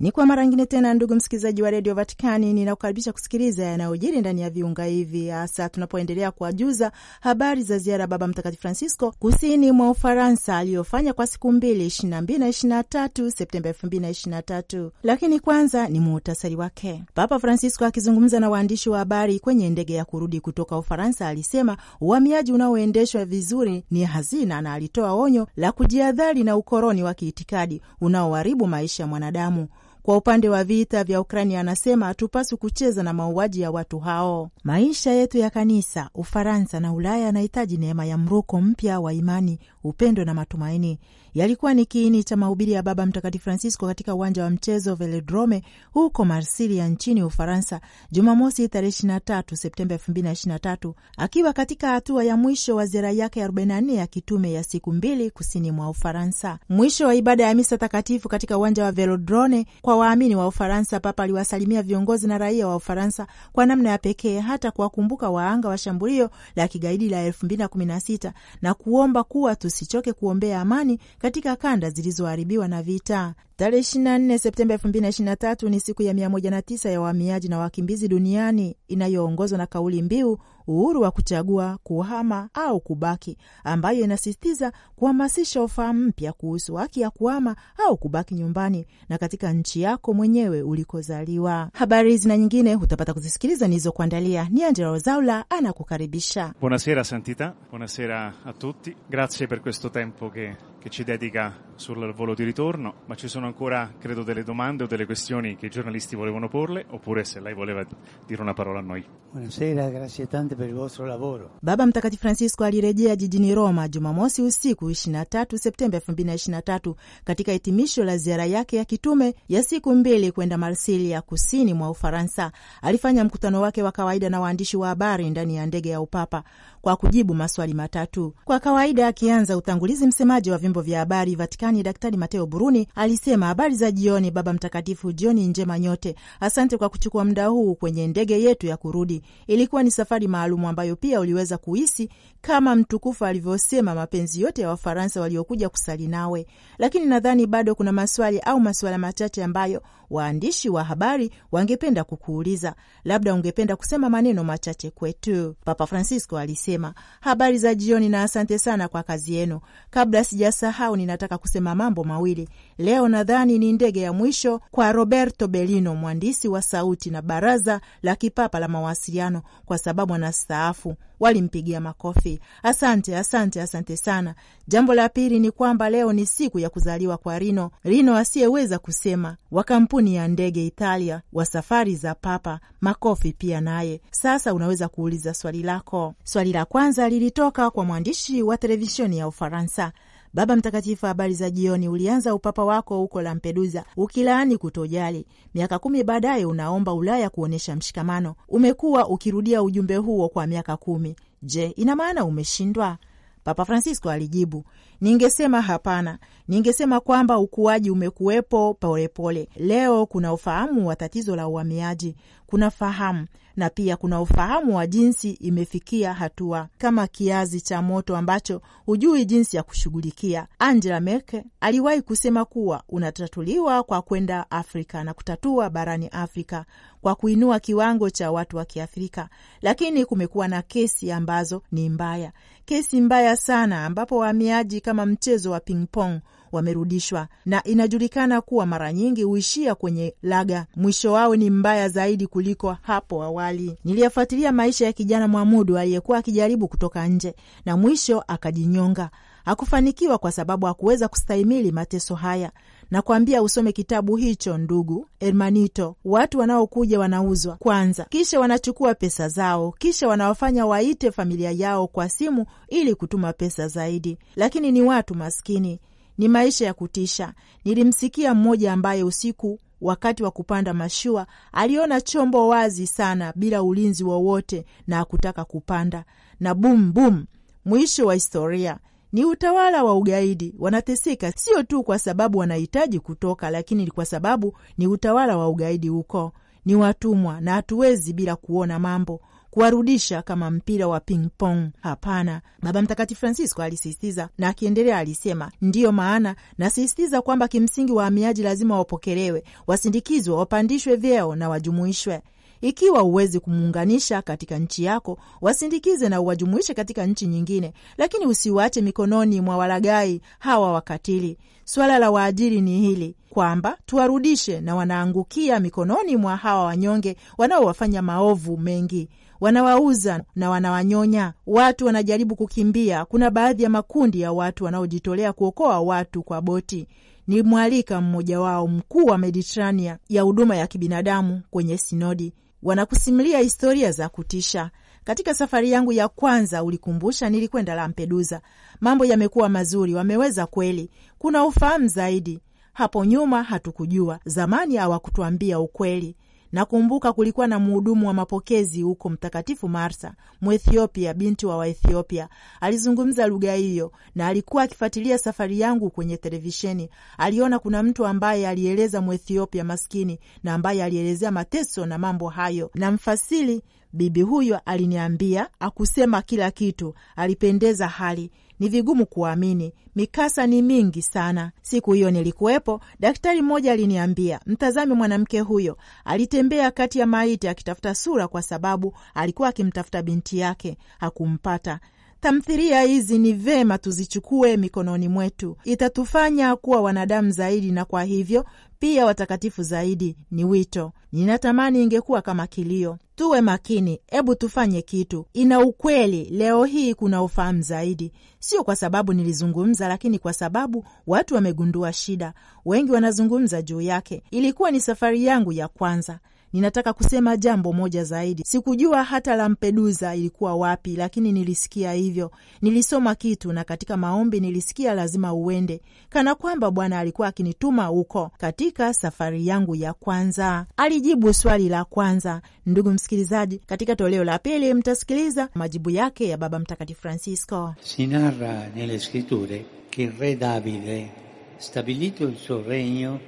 Ni kwa mara ngine tena, ndugu msikilizaji wa redio Vatikani, ninakukaribisha kusikiliza yanayojiri ndani ya viunga hivi, hasa tunapoendelea kuwajuza habari za ziara ya Baba Mtakatifu Francisco kusini mwa Ufaransa aliyofanya kwa siku mbili, 22 na 23 Septemba 2023. Lakini kwanza ni muhutasari wake. Papa Francisco akizungumza na waandishi wa habari kwenye ndege ya kurudi kutoka Ufaransa alisema uhamiaji unaoendeshwa vizuri ni hazina, na alitoa onyo la kujiadhari na ukoloni wa kiitikadi unaoharibu maisha ya mwanadamu. Kwa upande wa vita vya Ukrania, anasema hatupaswi kucheza na mauaji ya watu hao. Maisha yetu ya kanisa, Ufaransa na Ulaya yanahitaji neema ya mruko mpya wa imani upendo na matumaini yalikuwa ni kiini cha mahubiri ya Baba Mtakatifu Francisco katika uwanja wa mchezo Velodrome huko Marsilia nchini Ufaransa Jumamosi tarehe 23 Septemba 2023 akiwa katika hatua ya mwisho wa ziara yake ya 44 ya kitume ya siku mbili kusini mwa Ufaransa. Mwisho wa ibada ya misa takatifu katika uwanja wa Velodrome kwa waamini wa Ufaransa, Papa aliwasalimia viongozi na raia wa Ufaransa kwa namna ya pekee, hata kuwakumbuka waanga wa shambulio la kigaidi la 2016 na kuomba kuwa tusi usichoke kuombea amani katika kanda zilizoharibiwa na vita. Tarehe 24 Septemba 2023 ni siku ya 109 ya wahamiaji na wakimbizi duniani inayoongozwa na kauli mbiu uhuru wa kuchagua kuhama au kubaki, ambayo inasisitiza kuhamasisha ufahamu mpya kuhusu haki ya kuhama au kubaki nyumbani na katika nchi yako mwenyewe ulikozaliwa. Habari hizi na nyingine hutapata kuzisikiliza nilizokuandalia. Ni Angela Rozaula anakukaribisha. Buonasera Santita, buonasera a tutti, grazie per questo tempo che che ci dedica sul volo di ritorno, ma ci sono ancora, credo, delle domande o delle questioni che i giornalisti volevano porle, oppure se lei voleva dire una parola a noi. Buonasera, grazie tante per il vostro lavoro. Baba Mtakatifu Francisco alirejea jijini Roma Jumamosi usiku 23 Septemba 2023 katika hitimisho la ziara yake ya kitume ya siku mbili kwenda Marsilia, kusini mwa Ufaransa. Alifanya mkutano wake wa kawaida na waandishi wa habari ndani ya ndege ya upapa kwa kujibu maswali matatu. Kwa kawaida, akianza utangulizi, msemaji wa vyombo vya habari Vatikani Daktari Mateo Buruni alisema, habari za jioni Baba Mtakatifu, jioni njema nyote. Asante kwa kuchukua muda huu kwenye ndege yetu ya kurudi. Ilikuwa ni safari maalumu ambayo pia uliweza kuhisi kama mtukufu alivyosema, mapenzi yote ya Wafaransa waliokuja kusali nawe. Lakini nadhani bado kuna maswali au masuala machache ambayo waandishi wa habari wangependa kukuuliza, labda ungependa kusema maneno machache kwetu. Papa Francisco alisema, habari za jioni na asante sana kwa kazi yenu. Kabla sijasahau, ninataka kusema mambo mawili Leo nadhani ni ndege ya mwisho kwa Roberto Belino, mwandisi wa sauti na baraza la kipapa la mawasiliano, kwa sababu anastaafu. Walimpigia makofi. Asante, asante, asante sana. Jambo la pili ni kwamba leo ni siku ya kuzaliwa kwa Rino, Rino asiyeweza kusema, wa kampuni ya ndege Italia, wa safari za Papa. Makofi pia naye. Sasa unaweza kuuliza swali lako. Swali la kwanza lilitoka kwa mwandishi wa televisheni ya Ufaransa Baba Mtakatifu, habari za jioni. Ulianza upapa wako huko Lampedusa ukilaani kutojali. Miaka kumi baadaye unaomba Ulaya kuonyesha mshikamano. Umekuwa ukirudia ujumbe huo kwa miaka kumi. Je, ina maana umeshindwa? Papa Francisco alijibu, ningesema hapana. Ningesema kwamba ukuaji umekuwepo polepole. Leo kuna ufahamu wa tatizo la uhamiaji, kuna fahamu na pia kuna ufahamu wa jinsi imefikia hatua kama kiazi cha moto ambacho hujui jinsi ya kushughulikia. Angela Merkel aliwahi kusema kuwa unatatuliwa kwa kwenda Afrika na kutatua barani Afrika kwa kuinua kiwango cha watu wa Kiafrika, lakini kumekuwa na kesi ambazo ni mbaya, kesi mbaya sana, ambapo wahamiaji kama mchezo wa ping pong wamerudishwa, na inajulikana kuwa mara nyingi huishia kwenye laga. Mwisho wao ni mbaya zaidi kuliko hapo awali. Niliyafuatilia maisha ya kijana Mwamudu aliyekuwa akijaribu kutoka nje na mwisho akajinyonga. Hakufanikiwa kwa sababu hakuweza kustahimili mateso haya. Nakwambia, usome kitabu hicho ndugu Hermanito. Watu wanaokuja wanauzwa kwanza, kisha wanachukua pesa zao, kisha wanawafanya waite familia yao kwa simu ili kutuma pesa zaidi, lakini ni watu maskini. Ni maisha ya kutisha. Nilimsikia mmoja ambaye usiku wakati wa kupanda mashua aliona chombo wazi sana bila ulinzi wowote na akutaka kupanda, na bum bum, mwisho wa historia. Ni utawala wa ugaidi. Wanateseka sio tu kwa sababu wanahitaji kutoka, lakini kwa sababu ni utawala wa ugaidi huko. Ni watumwa na hatuwezi bila kuona mambo kuwarudisha kama mpira wa ping pong. Hapana. Baba Mtakatifu Francisco alisisitiza na akiendelea, alisema ndiyo maana nasisitiza kwamba kimsingi wahamiaji lazima wapokelewe, wasindikizwe, wapandishwe vyeo na wajumuishwe ikiwa huwezi kumuunganisha katika nchi yako, wasindikize na uwajumuishe katika nchi nyingine, lakini usiwache mikononi mwa walagai hawa wakatili. Swala la waajiri ni hili kwamba tuwarudishe, na wanaangukia mikononi mwa hawa wanyonge wanaowafanya maovu mengi wanawauza na wanawanyonya. Watu wanajaribu kukimbia. Kuna baadhi ya makundi ya watu wanaojitolea kuokoa watu kwa boti ni mwalika mmoja wao mkuu wa Mediterania ya huduma ya kibinadamu kwenye sinodi. Wanakusimulia historia za kutisha. Katika safari yangu ya kwanza ulikumbusha, nilikwenda Lampedusa. Mambo yamekuwa mazuri, wameweza kweli, kuna ufahamu zaidi. Hapo nyuma hatukujua, zamani hawakutuambia ukweli. Nakumbuka kulikuwa na mhudumu wa mapokezi huko Mtakatifu Marsa, Mwethiopia, binti wa Waethiopia. Alizungumza lugha hiyo, na alikuwa akifuatilia safari yangu kwenye televisheni. Aliona kuna mtu ambaye alieleza Mwethiopia maskini na ambaye alielezea mateso na mambo hayo, na mfasili Bibi huyo aliniambia akusema kila kitu, alipendeza hali ni vigumu kuamini, mikasa ni mingi sana. Siku hiyo nilikuwepo. Daktari mmoja aliniambia, mtazame mwanamke huyo, alitembea kati ya maiti akitafuta sura, kwa sababu alikuwa akimtafuta binti yake, hakumpata tamthiria hizi ni vema tuzichukue mikononi mwetu, itatufanya kuwa wanadamu zaidi, na kwa hivyo pia watakatifu zaidi. Ni wito ninatamani ingekuwa kama kilio. Tuwe makini, hebu tufanye kitu. Ina ukweli, leo hii kuna ufahamu zaidi, sio kwa sababu nilizungumza, lakini kwa sababu watu wamegundua shida, wengi wanazungumza juu yake. Ilikuwa ni safari yangu ya kwanza Ninataka kusema jambo moja zaidi. Sikujua hata Lampedusa ilikuwa wapi, lakini nilisikia hivyo. Nilisoma kitu na katika maombi nilisikia lazima uende, kana kwamba Bwana alikuwa akinituma huko. Katika safari yangu ya kwanza, alijibu swali la kwanza. Ndugu msikilizaji, katika toleo la pili mtasikiliza majibu yake ya Baba Mtakatifu Francisco. Si narra nelle scritture che il re Davide stabilito il suo regno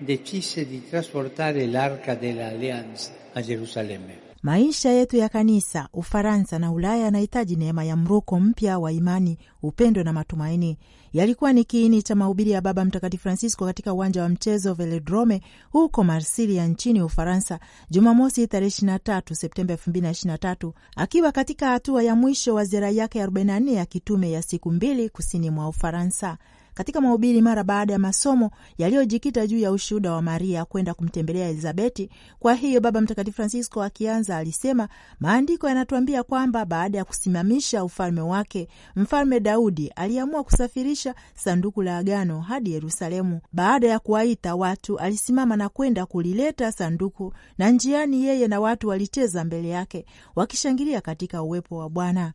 decise di trasportare l'arca dell'alleanza a Gerusalemme. Maisha yetu ya kanisa Ufaransa na Ulaya yanahitaji neema ya mruko mpya wa imani, upendo na matumaini. Yalikuwa ni kiini cha mahubiri ya Baba Mtakatifu Francisco katika uwanja wa mchezo Velodrome huko Marsilia nchini Ufaransa Jumamosi tarehe 23 Septemba 2023, akiwa katika hatua ya mwisho wa ziara yake ya 44 ya kitume ya siku mbili kusini mwa Ufaransa katika mahubiri mara baada ya masomo yaliyojikita juu ya ushuhuda wa Maria kwenda kumtembelea Elizabeti. Kwa hiyo Baba Mtakatifu Francisco akianza alisema, maandiko yanatuambia kwamba baada ya kusimamisha ufalme wake, Mfalme Daudi aliamua kusafirisha sanduku la agano hadi Yerusalemu. Baada ya kuwaita watu, alisimama na kwenda kulileta sanduku, na njiani yeye na watu walicheza mbele yake, wakishangilia katika uwepo wa Bwana.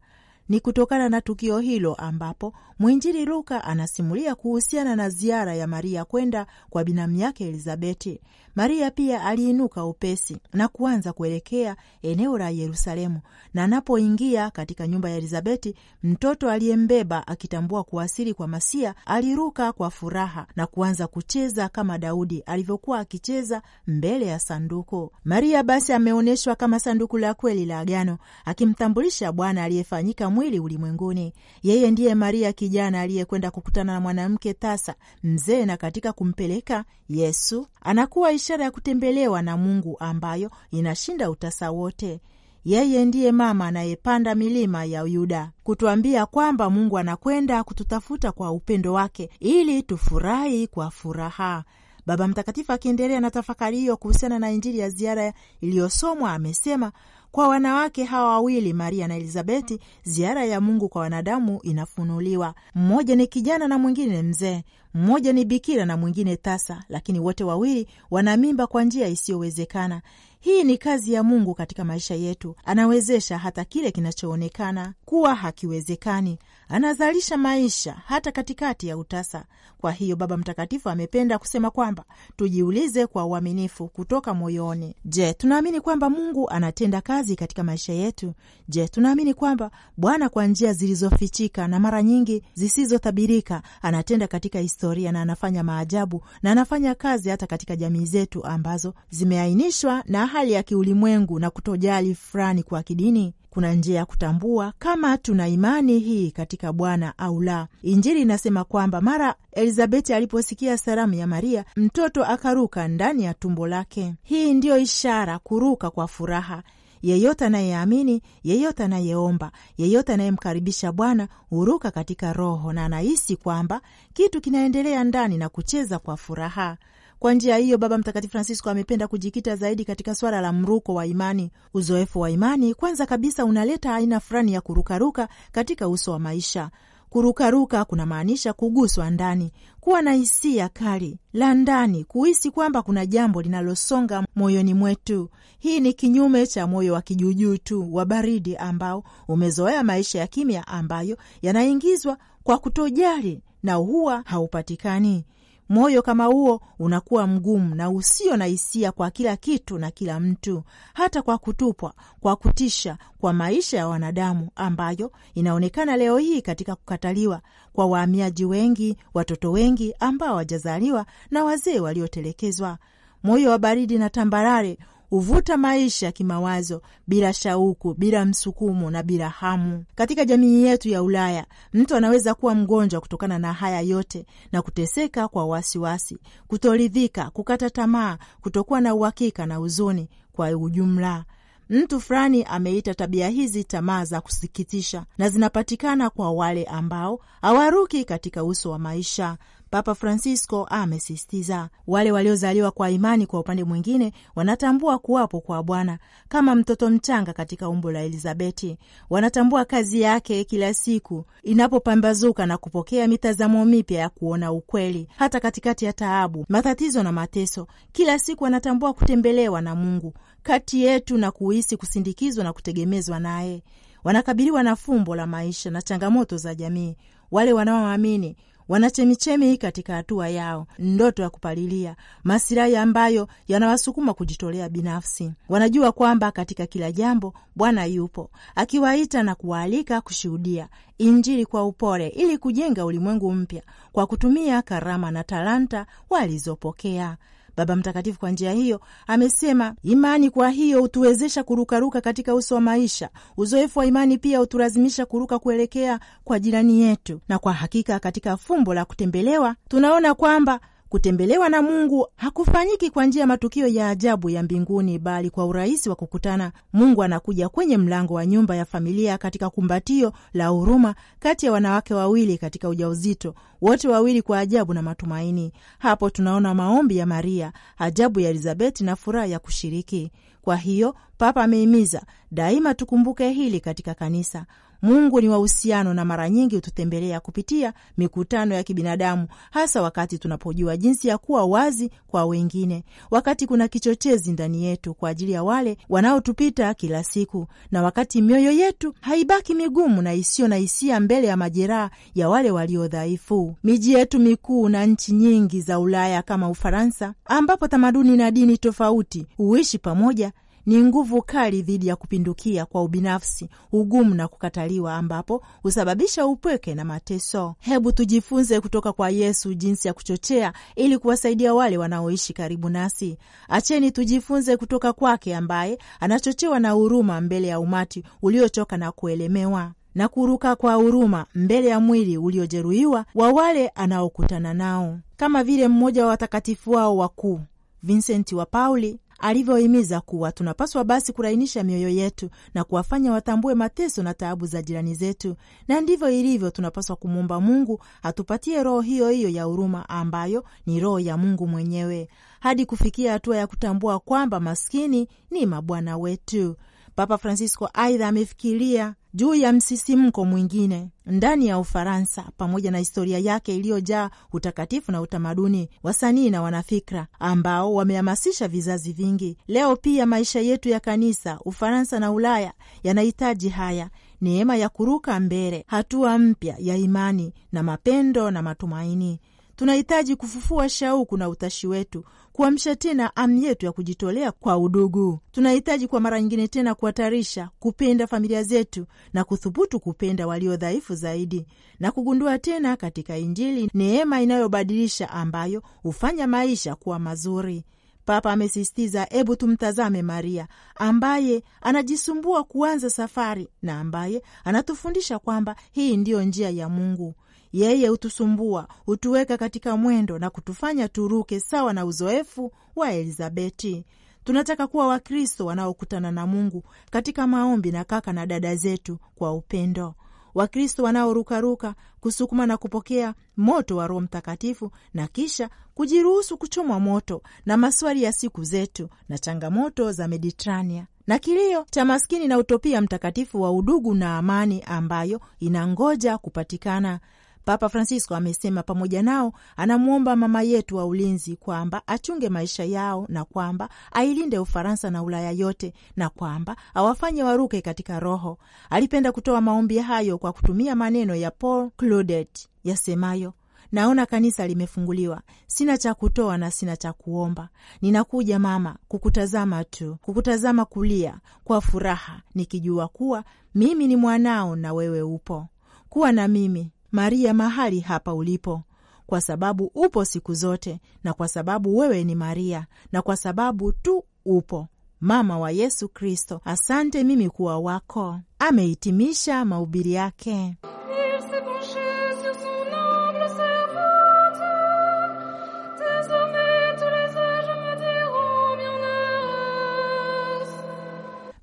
Ni kutokana na tukio hilo ambapo mwinjili Luka anasimulia kuhusiana na ziara ya Maria kwenda kwa binamu yake Elizabeti. Maria pia aliinuka upesi na kuanza kuelekea eneo la Yerusalemu, na anapoingia katika nyumba ya Elizabeti, mtoto aliyembeba akitambua kuwasili kwa Masia, aliruka kwa furaha na kuanza kucheza kama Daudi alivyokuwa akicheza mbele ya sanduku. Maria basi ameonyeshwa kama sanduku la kweli la agano, akimtambulisha Bwana aliyefanyika mwili ulimwenguni. Yeye ndiye Maria kijana aliyekwenda kukutana na mwanamke tasa mzee, na katika kumpeleka Yesu anakuwa ishara ya kutembelewa na Mungu ambayo inashinda utasa wote. Yeye ndiye mama anayepanda milima ya Yuda kutuambia kwamba Mungu anakwenda kututafuta kwa upendo wake ili tufurahi kwa furaha. Baba Mtakatifu akiendelea na tafakari hiyo kuhusiana na Injili ya ziara iliyosomwa amesema kwa wanawake hawa wawili, Maria na Elizabeti, ziara ya Mungu kwa wanadamu inafunuliwa. Mmoja ni kijana na mwingine mzee, mmoja ni bikira na mwingine tasa, lakini wote wawili wana mimba kwa njia isiyowezekana. Hii ni kazi ya Mungu katika maisha yetu. Anawezesha hata kile kinachoonekana kuwa hakiwezekani. Anazalisha maisha hata katikati ya utasa. Kwa hiyo, Baba Mtakatifu amependa kusema kwamba tujiulize kwa uaminifu kutoka moyoni: Je, tunaamini kwamba Mungu anatenda kazi katika maisha yetu? Je, tunaamini kwamba Bwana kwa njia zilizofichika na mara nyingi zisizotabirika anatenda katika historia na anafanya maajabu na anafanya kazi hata katika jamii zetu ambazo zimeainishwa na hali ya kiulimwengu na kutojali fulani kwa kidini. Kuna njia ya kutambua kama tuna imani hii katika Bwana au la. Injili inasema kwamba mara Elizabeti aliposikia salamu ya Maria, mtoto akaruka ndani ya tumbo lake. Hii ndiyo ishara, kuruka kwa furaha Yeyote anayeamini, yeyote anayeomba, yeyote anayemkaribisha Bwana huruka katika Roho na anahisi kwamba kitu kinaendelea ndani na kucheza kwa furaha. Kwa njia hiyo, Baba Mtakatifu Francisco amependa kujikita zaidi katika swala la mruko wa imani. Uzoefu wa imani, kwanza kabisa, unaleta aina fulani ya kurukaruka katika uso wa maisha. Kurukaruka kunamaanisha kuguswa ndani, kuwa na hisia kali la ndani, kuhisi kwamba kuna jambo linalosonga moyoni mwetu. Hii ni kinyume cha moyo wa kijuujuu tu wa baridi ambao umezoea maisha ya kimya ambayo yanaingizwa kwa kutojali na huwa haupatikani. Moyo kama huo unakuwa mgumu na usio na hisia kwa kila kitu na kila mtu, hata kwa kutupwa, kwa kutisha, kwa maisha ya wanadamu, ambayo inaonekana leo hii katika kukataliwa kwa wahamiaji wengi, watoto wengi ambao hawajazaliwa na wazee waliotelekezwa. Moyo wa baridi na tambarare huvuta maisha ya kimawazo bila shauku, bila msukumo na bila hamu. Katika jamii yetu ya Ulaya, mtu anaweza kuwa mgonjwa kutokana na haya yote na kuteseka kwa wasiwasi, kutoridhika, kukata tamaa, kutokuwa na uhakika na huzuni kwa ujumla. Mtu fulani ameita tabia hizi tamaa za kusikitisha, na zinapatikana kwa wale ambao hawaruki katika uso wa maisha. Papa Francisco amesisitiza wale waliozaliwa kwa imani, kwa upande mwingine, wanatambua kuwapo kwa Bwana kama mtoto mchanga katika umbo la Elizabeti. Wanatambua kazi yake kila siku inapopambazuka na kupokea mitazamo mipya ya kuona ukweli, hata katikati ya taabu, matatizo na mateso. Kila siku wanatambua kutembelewa na Mungu kati yetu na kuhisi kusindikizwa na kutegemezwa naye. Wanakabiliwa na fumbo la maisha na changamoto za jamii. Wale wanaoamini wanachemichemi katika hatua yao, ndoto ya kupalilia, masilahi ambayo yanawasukuma kujitolea binafsi. Wanajua kwamba katika kila jambo Bwana yupo akiwaita na kuwaalika kushuhudia Injili kwa upole, ili kujenga ulimwengu mpya kwa kutumia karama na talanta walizopokea. Baba Mtakatifu kwa njia hiyo amesema imani kwa hiyo hutuwezesha kurukaruka katika uso wa maisha. Uzoefu wa imani pia hutulazimisha kuruka kuelekea kwa jirani yetu, na kwa hakika katika fumbo la kutembelewa tunaona kwamba Kutembelewa na Mungu hakufanyiki kwa njia ya matukio ya ajabu ya mbinguni, bali kwa urahisi wa kukutana. Mungu anakuja kwenye mlango wa nyumba ya familia katika kumbatio la huruma kati ya wanawake wawili katika ujauzito, wote wawili kwa ajabu na matumaini. Hapo tunaona maombi ya Maria, ajabu ya Elizabeti na furaha ya kushiriki. Kwa hiyo Papa amehimiza daima tukumbuke hili katika kanisa. Mungu ni wa uhusiano na mara nyingi hututembelea kupitia mikutano ya kibinadamu, hasa wakati tunapojua jinsi ya kuwa wazi kwa wengine, wakati kuna kichochezi ndani yetu kwa ajili ya wale wanaotupita kila siku, na wakati mioyo yetu haibaki migumu na isiyo na hisia mbele ya majeraha ya wale walio dhaifu. Miji yetu mikuu na nchi nyingi za Ulaya kama Ufaransa, ambapo tamaduni na dini tofauti huishi pamoja ni nguvu kali dhidi ya kupindukia kwa ubinafsi, ugumu na kukataliwa, ambapo husababisha upweke na mateso. Hebu tujifunze kutoka kwa Yesu jinsi ya kuchochea ili kuwasaidia wale wanaoishi karibu nasi. Acheni tujifunze kutoka kwake ambaye anachochewa na huruma mbele ya umati uliochoka na kuelemewa na kuruka kwa huruma mbele ya mwili uliojeruhiwa wa wale anaokutana nao, kama vile mmoja wa watakatifu wao wakuu Vincenti wa Pauli alivyohimiza kuwa tunapaswa basi kurainisha mioyo yetu na kuwafanya watambue mateso na taabu za jirani zetu, na ndivyo ilivyo. Tunapaswa kumwomba Mungu atupatie roho hiyo hiyo ya huruma ambayo ni roho ya Mungu mwenyewe hadi kufikia hatua ya kutambua kwamba maskini ni mabwana wetu. Papa Francisco aidha amefikiria juu ya msisimko mwingine ndani ya Ufaransa. Pamoja na historia yake iliyojaa utakatifu na utamaduni, wasanii na wanafikra ambao wamehamasisha vizazi vingi, leo pia maisha yetu ya kanisa, Ufaransa na Ulaya yanahitaji haya neema ya kuruka mbele, hatua mpya ya imani na mapendo na matumaini. Tunahitaji kufufua shauku na utashi wetu, kuamsha tena amu yetu ya kujitolea kwa udugu. Tunahitaji kwa mara nyingine tena kuhatarisha kupenda familia zetu na kuthubutu kupenda walio dhaifu zaidi, na kugundua tena katika Injili neema inayobadilisha ambayo hufanya maisha kuwa mazuri. Papa amesisitiza, hebu tumtazame Maria ambaye anajisumbua kuanza safari na ambaye anatufundisha kwamba hii ndiyo njia ya Mungu. Yeye hutusumbua, hutuweka katika mwendo na kutufanya turuke sawa na uzoefu wa Elizabeti. Tunataka kuwa Wakristo wanaokutana na Mungu katika maombi na kaka na dada zetu kwa upendo, Wakristo wanaorukaruka kusukuma na kupokea moto wa Roho Mtakatifu na kisha kujiruhusu kuchomwa moto na maswali ya siku zetu na changamoto za Mediterania na kilio cha maskini na utopia mtakatifu wa udugu na amani ambayo inangoja kupatikana Papa Francisco amesema pamoja nao anamwomba mama yetu wa ulinzi kwamba achunge maisha yao na kwamba ailinde Ufaransa na Ulaya yote na kwamba awafanye waruke katika roho. Alipenda kutoa maombi hayo kwa kutumia maneno ya Paul Claudet yasemayo Naona kanisa limefunguliwa. Sina cha kutoa na sina cha kuomba. Ninakuja mama, kukutazama tu, kukutazama kulia kwa furaha, nikijua kuwa mimi ni mwanao na wewe upo. Kuwa na mimi Maria mahali hapa ulipo, kwa sababu upo siku zote, na kwa sababu wewe ni Maria, na kwa sababu tu upo mama wa Yesu Kristo. Asante mimi kuwa wako. Amehitimisha mahubiri yake.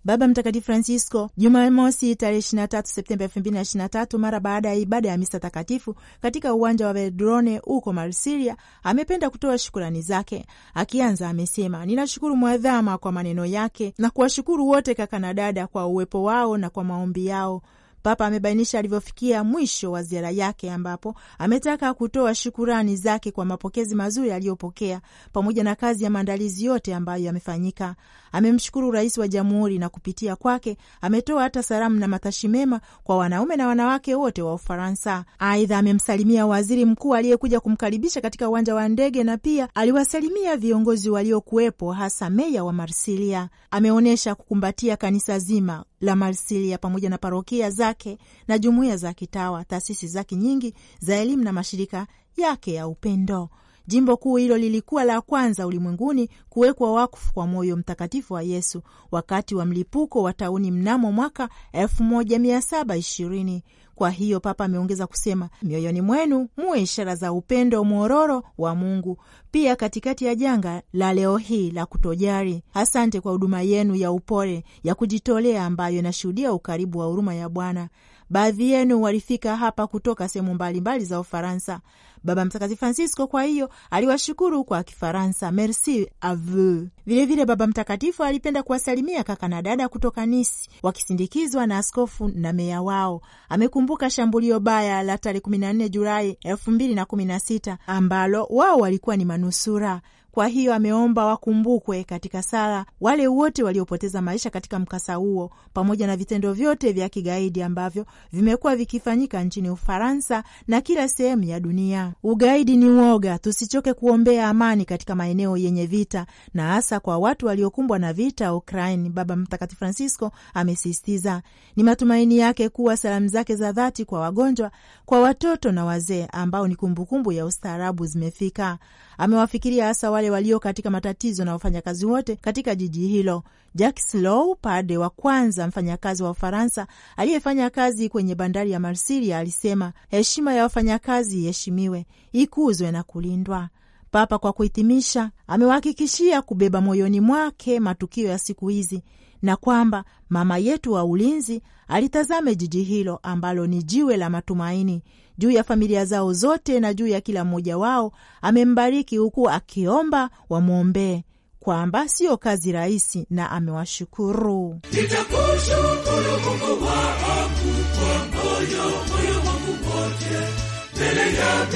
Baba Mtakatifu Francisco Jumamosi tarehe 23 Septemba 2023 mara baada ya ibada ya misa takatifu katika uwanja wa vedrone huko Marsilia amependa kutoa shukurani zake. Akianza amesema, ninashukuru mwadhama kwa maneno yake na kuwashukuru wote kaka na dada kwa uwepo wao na kwa maombi yao. Papa amebainisha alivyofikia mwisho wa ziara yake ambapo ametaka kutoa shukurani zake kwa mapokezi mazuri aliyopokea pamoja na kazi ya maandalizi yote ambayo yamefanyika. Amemshukuru rais wa jamhuri na kupitia kwake ametoa hata salamu na matashi mema kwa wanaume na wanawake wote wa Ufaransa. Aidha, amemsalimia waziri mkuu aliyekuja kumkaribisha katika uwanja wa ndege na pia aliwasalimia viongozi waliokuwepo, hasa meya wa Marsilia. Ameonyesha kukumbatia kanisa zima la Marsilia pamoja na parokia zake na jumuiya za kitawa, taasisi zake nyingi za elimu na mashirika yake ya upendo. Jimbo kuu hilo lilikuwa la kwanza ulimwenguni kuwekwa wakfu kwa moyo mtakatifu wa Yesu wakati wa mlipuko wa tauni mnamo mwaka 1720. Kwa hiyo Papa ameongeza kusema, mioyoni mwenu muwe ishara za upendo mwororo wa Mungu pia katikati ya janga la leo hii la kutojari. Asante kwa huduma yenu ya upole ya kujitolea ambayo inashuhudia ukaribu wa huruma ya Bwana. Baadhi yenu walifika hapa kutoka sehemu mbalimbali za Ufaransa Baba Mtakatifu Francisco kwa hiyo aliwashukuru kwa Kifaransa merci avu Vilevile Baba Mtakatifu alipenda kuwasalimia kaka na dada kutoka Nisi wakisindikizwa na askofu na meya wao. Amekumbuka shambulio baya la tarehe 14 Julai 2016 ambalo wao walikuwa ni manusura. Kwa hiyo ameomba wakumbukwe katika sala wale wote waliopoteza maisha katika mkasa huo, pamoja na vitendo vyote vya kigaidi ambavyo vimekuwa vikifanyika nchini Ufaransa na kila sehemu ya dunia. Ugaidi ni uoga, tusichoke kuombea amani katika maeneo yenye vita na hasa kwa watu waliokumbwa na vita ukraini Baba Mtakatifu Francisco amesisitiza. Ni matumaini yake kuwa salamu zake za dhati kwa wagonjwa, kwa watoto na wazee ambao ni kumbukumbu ya ustaarabu zimefika. Amewafikiria hasa wale walio katika matatizo na wafanyakazi wote katika jiji hilo. Jacques Low, pade wa kwanza mfanyakazi wa Ufaransa aliyefanya kazi kwenye bandari ya Marsilia, alisema heshima ya wafanyakazi iheshimiwe, ikuzwe na kulindwa. Papa kwa kuhitimisha, amewahakikishia kubeba moyoni mwake matukio ya siku hizi na kwamba mama yetu wa ulinzi alitazame jiji hilo ambalo ni jiwe la matumaini juu ya familia zao zote na juu ya kila mmoja wao. Amembariki huku akiomba wamwombee, kwamba siyo kazi rahisi, na amewashukuru nitakushukuru Mungu kwa moyo moyo wangu wote mbele ya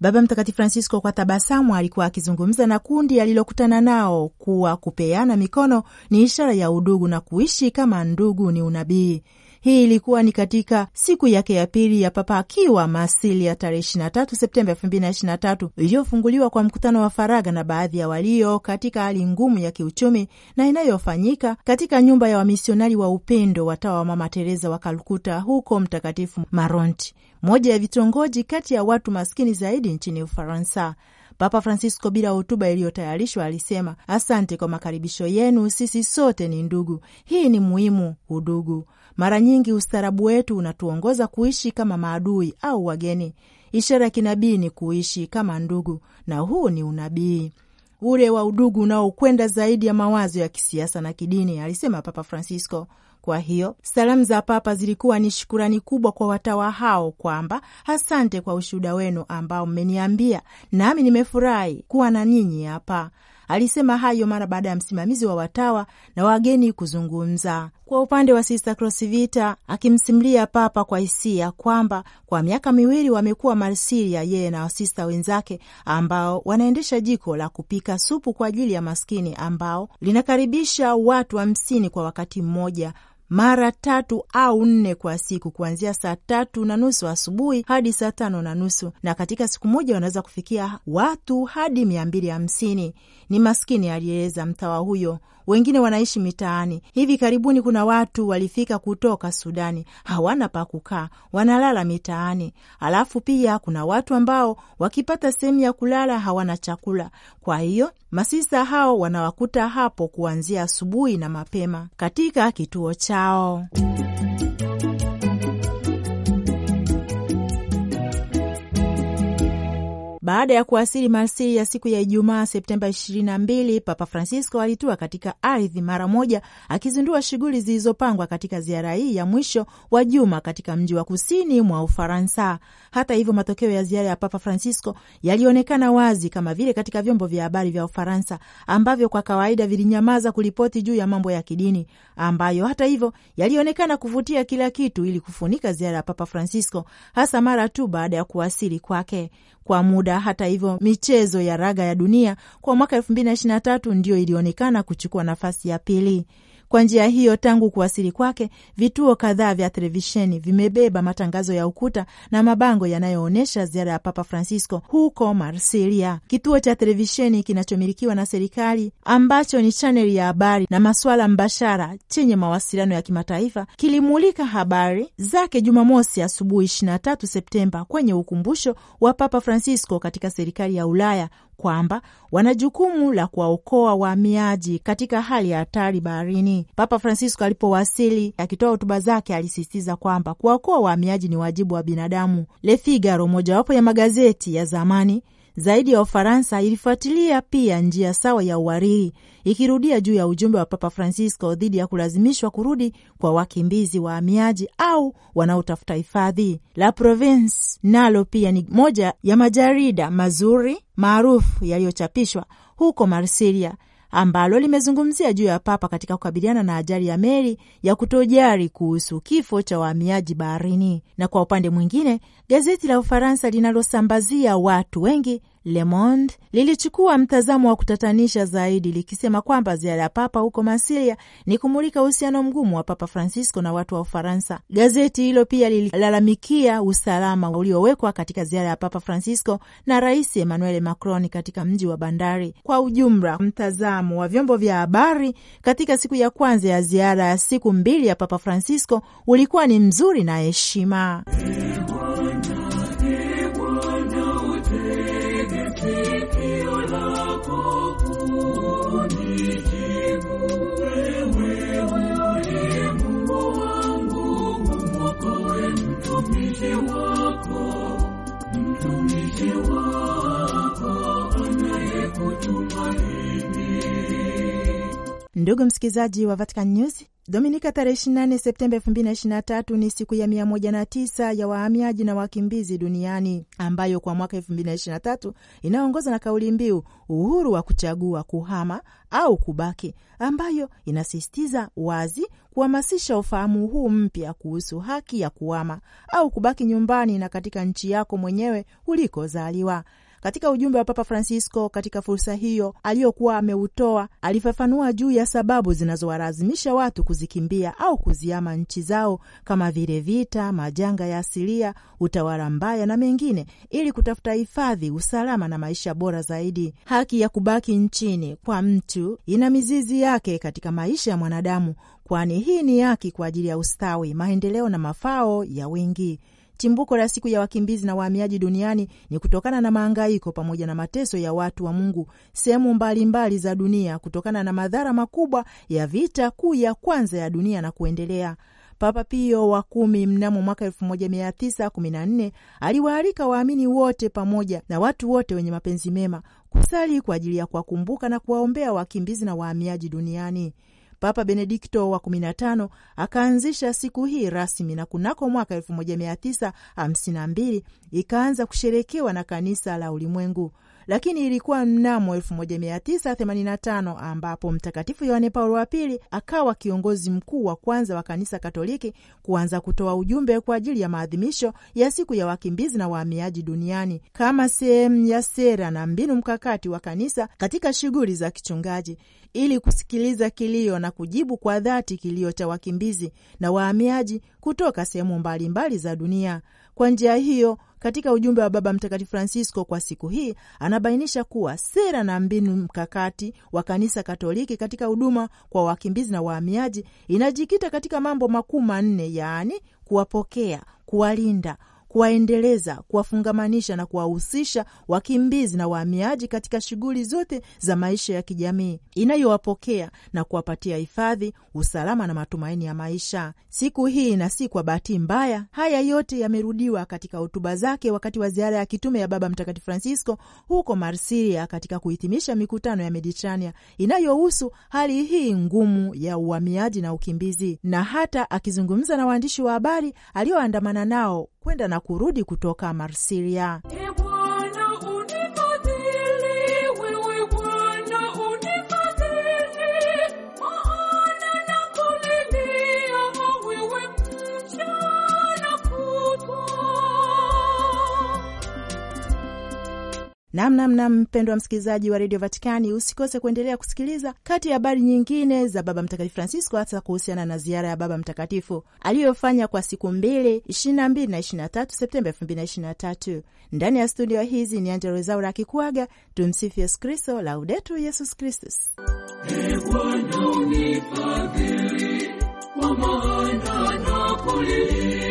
Baba Mtakatifu Francisco kwa tabasamu alikuwa akizungumza na kundi alilokutana nao kuwa kupeana mikono ni ishara ya udugu na kuishi kama ndugu ni unabii. Hii ilikuwa ni katika siku yake ya pili ya papa akiwa ya tarehe 23 Septemba 2023 iliyofunguliwa kwa mkutano wa faragha na baadhi ya walio katika hali ngumu ya kiuchumi na inayofanyika katika nyumba ya wamisionari wa upendo watawa wa Mama Teresa wa Kalkuta huko Mtakatifu Maronti, moja ya vitongoji kati ya watu maskini zaidi nchini Ufaransa. Papa Francisco, bila hotuba iliyotayarishwa, alisema asante kwa makaribisho yenu, sisi sote ni ndugu, hii ni muhimu, udugu. Mara nyingi ustaarabu wetu unatuongoza kuishi kama maadui au wageni. Ishara ya kinabii ni kuishi kama ndugu, na huu ni unabii ule wa udugu unaokwenda zaidi ya mawazo ya kisiasa na kidini, alisema Papa Francisco. Kwa hiyo salamu za Papa zilikuwa ni shukurani kubwa kwa watawa hao kwamba asante kwa ushuhuda wenu ambao mmeniambia, nami nimefurahi kuwa na nyinyi hapa. Alisema hayo mara baada ya msimamizi wa watawa na wageni kuzungumza. Kwa upande wa Sista Crosivita, akimsimulia Papa kwa hisia kwamba kwa miaka miwili wamekuwa marsiria, yeye na wasista wenzake ambao wanaendesha jiko la kupika supu kwa ajili ya maskini ambao linakaribisha watu hamsini wa kwa wakati mmoja mara tatu au nne kwa siku kuanzia saa tatu na nusu asubuhi hadi saa tano na nusu na katika siku moja wanaweza kufikia watu hadi mia mbili hamsini. Ni maskini, alieleza mtawa huyo wengine wanaishi mitaani. Hivi karibuni kuna watu walifika kutoka Sudani, hawana pa kukaa, wanalala mitaani. Alafu pia kuna watu ambao wakipata sehemu ya kulala hawana chakula, kwa hiyo masisa hao wanawakuta hapo kuanzia asubuhi na mapema katika kituo chao. Baada ya kuwasili Marsilia siku ya Ijumaa Septemba 22, Papa Francisco alitua katika ardhi mara moja, akizindua shughuli zilizopangwa katika ziara hii ya mwisho wa juma katika mji wa kusini mwa Ufaransa. Hata hivyo, matokeo ya ziara ya Papa Francisco yalionekana wazi, kama vile katika vyombo vya habari vya Ufaransa ambavyo kwa kawaida vilinyamaza kuripoti juu ya mambo ya kidini, ambayo hata hivyo yalionekana kuvutia kila kitu ili kufunika ziara ya Papa Francisco, hasa mara tu baada ya kuwasili kwake kwa muda. Hata hivyo, michezo ya raga ya dunia kwa mwaka elfu ndiyo ilionekana kuchukua nafasi ya pili. Kwa njia hiyo, tangu kuwasili kwake, vituo kadhaa vya televisheni vimebeba matangazo ya ukuta na mabango yanayoonyesha ziara ya Papa Francisco huko Marsilia. Kituo cha televisheni kinachomilikiwa na serikali ambacho ni chaneli ya habari na masuala mbashara chenye mawasiliano ya kimataifa kilimulika habari zake Jumamosi asubuhi 23 Septemba kwenye ukumbusho wa Papa Francisco katika serikali ya Ulaya kwamba wana jukumu la kuwaokoa wahamiaji katika hali ya hatari baharini. Papa Francisco alipowasili akitoa hotuba zake alisisitiza kwamba kuwaokoa wahamiaji ni wajibu wa binadamu. Le Figaro, mojawapo ya magazeti ya zamani zaidi ya ufaransa ilifuatilia pia njia sawa ya uhariri, ikirudia juu ya ujumbe wa Papa Francisco dhidi ya kulazimishwa kurudi kwa wakimbizi, wahamiaji au wanaotafuta hifadhi. La Province nalo pia ni moja ya majarida mazuri maarufu yaliyochapishwa huko Marsilia ambalo limezungumzia juu ya papa katika kukabiliana na ajali ya meli ya kutojari kuhusu kifo cha wahamiaji baharini, na kwa upande mwingine gazeti la Ufaransa linalosambazia watu wengi Le Monde lilichukua mtazamo wa kutatanisha zaidi likisema kwamba ziara ya Papa huko Masilia ni kumulika uhusiano mgumu wa Papa Francisco na watu wa Ufaransa. Gazeti hilo pia lililalamikia usalama uliowekwa katika ziara ya Papa Francisco na Rais Emmanuel Macron katika mji wa bandari. Kwa ujumla, mtazamo wa vyombo vya habari katika siku ya kwanza ya ziara ya siku mbili ya Papa Francisco ulikuwa ni mzuri na heshima. Ndugu msikilizaji wa Vatican News, Dominika tarehe 28 Septemba 2023 ni siku ya 109 ya wahamiaji na wakimbizi duniani ambayo kwa mwaka 2023 inaongoza na kauli mbiu uhuru wa kuchagua kuhama au kubaki, ambayo inasisitiza wazi kuhamasisha ufahamu huu mpya kuhusu haki ya kuhama au kubaki nyumbani na katika nchi yako mwenyewe ulikozaliwa. Katika ujumbe wa Papa Francisco katika fursa hiyo aliyokuwa ameutoa, alifafanua juu ya sababu zinazowalazimisha watu kuzikimbia au kuziama nchi zao kama vile vita, majanga ya asilia, utawala mbaya na mengine, ili kutafuta hifadhi, usalama na maisha bora zaidi. Haki ya kubaki nchini kwa mtu ina mizizi yake katika maisha ya mwanadamu, kwani hii ni haki kwa ajili ya ustawi, maendeleo na mafao ya wengi. Chimbuko la siku ya wakimbizi na wahamiaji duniani ni kutokana na maangaiko pamoja na mateso ya watu wa Mungu sehemu mbalimbali za dunia kutokana na madhara makubwa ya vita kuu ya kwanza ya dunia na kuendelea. Papa Pio wa kumi mnamo mwaka 1914 aliwaalika waamini wote pamoja na watu wote wenye mapenzi mema kusali kwa ajili ya kuwakumbuka na kuwaombea wakimbizi na wahamiaji duniani. Papa Benedikto wa 15 akaanzisha siku hii rasmi na kunako mwaka 1952 ikaanza kusherekewa na kanisa la ulimwengu lakini ilikuwa mnamo 1985 ambapo Mtakatifu Yohane Paulo wa Pili akawa kiongozi mkuu wa kwanza wa Kanisa Katoliki kuanza kutoa ujumbe kwa ajili ya maadhimisho ya siku ya wakimbizi na wahamiaji duniani kama sehemu ya sera na mbinu mkakati wa kanisa katika shughuli za kichungaji ili kusikiliza kilio na kujibu kwa dhati kilio cha wakimbizi na wahamiaji kutoka sehemu mbalimbali za dunia kwa njia hiyo katika ujumbe wa Baba Mtakatifu Francisco kwa siku hii anabainisha kuwa sera na mbinu mkakati wa Kanisa Katoliki katika huduma kwa wakimbizi na wahamiaji inajikita katika mambo makuu manne, yaani: kuwapokea, kuwalinda, kuwaendeleza, kuwafungamanisha na kuwahusisha wakimbizi na wahamiaji katika shughuli zote za maisha ya kijamii inayowapokea na kuwapatia hifadhi, usalama na matumaini ya maisha. Siku hii na si kwa bahati mbaya, haya yote yamerudiwa katika hotuba zake wakati wa ziara ya kitume ya Baba Mtakatifu Francisco huko Marsilia katika kuhitimisha mikutano ya Mediterania inayohusu hali hii ngumu ya uhamiaji na ukimbizi, na hata akizungumza na waandishi wa habari alioandamana nao kwenda na kurudi kutoka Marsiria. namnamna. Mpendwa msikilizaji wa redio Vatikani, usikose kuendelea kusikiliza kati ya habari nyingine za Baba Mtakatifu Francisco, hasa kuhusiana na ziara ya Baba Mtakatifu aliyofanya kwa siku mbili 22 na 23 Septemba 2023. Ndani ya studio hizi ni Angella Rwezaura akikuaga. Tumsifu Yesu Kristo, Laudetur Yesus Kristus. Ee hey,